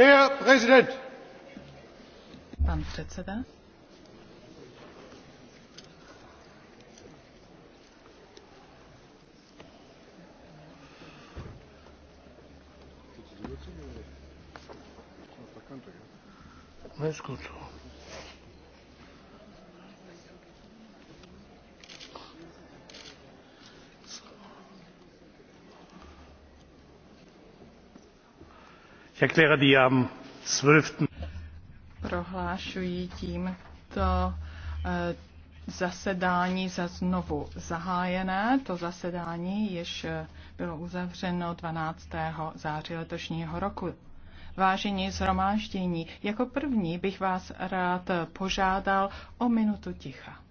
Der Präsident. Pan předseda. No es Ich Prohlášuji tímto eh, zasedání za znovu zahájené. To zasedání již eh, bylo uzavřeno 12. září letošního roku. Vážení zhromáždění, jako první bych vás rád eh, požádal o minutu ticha.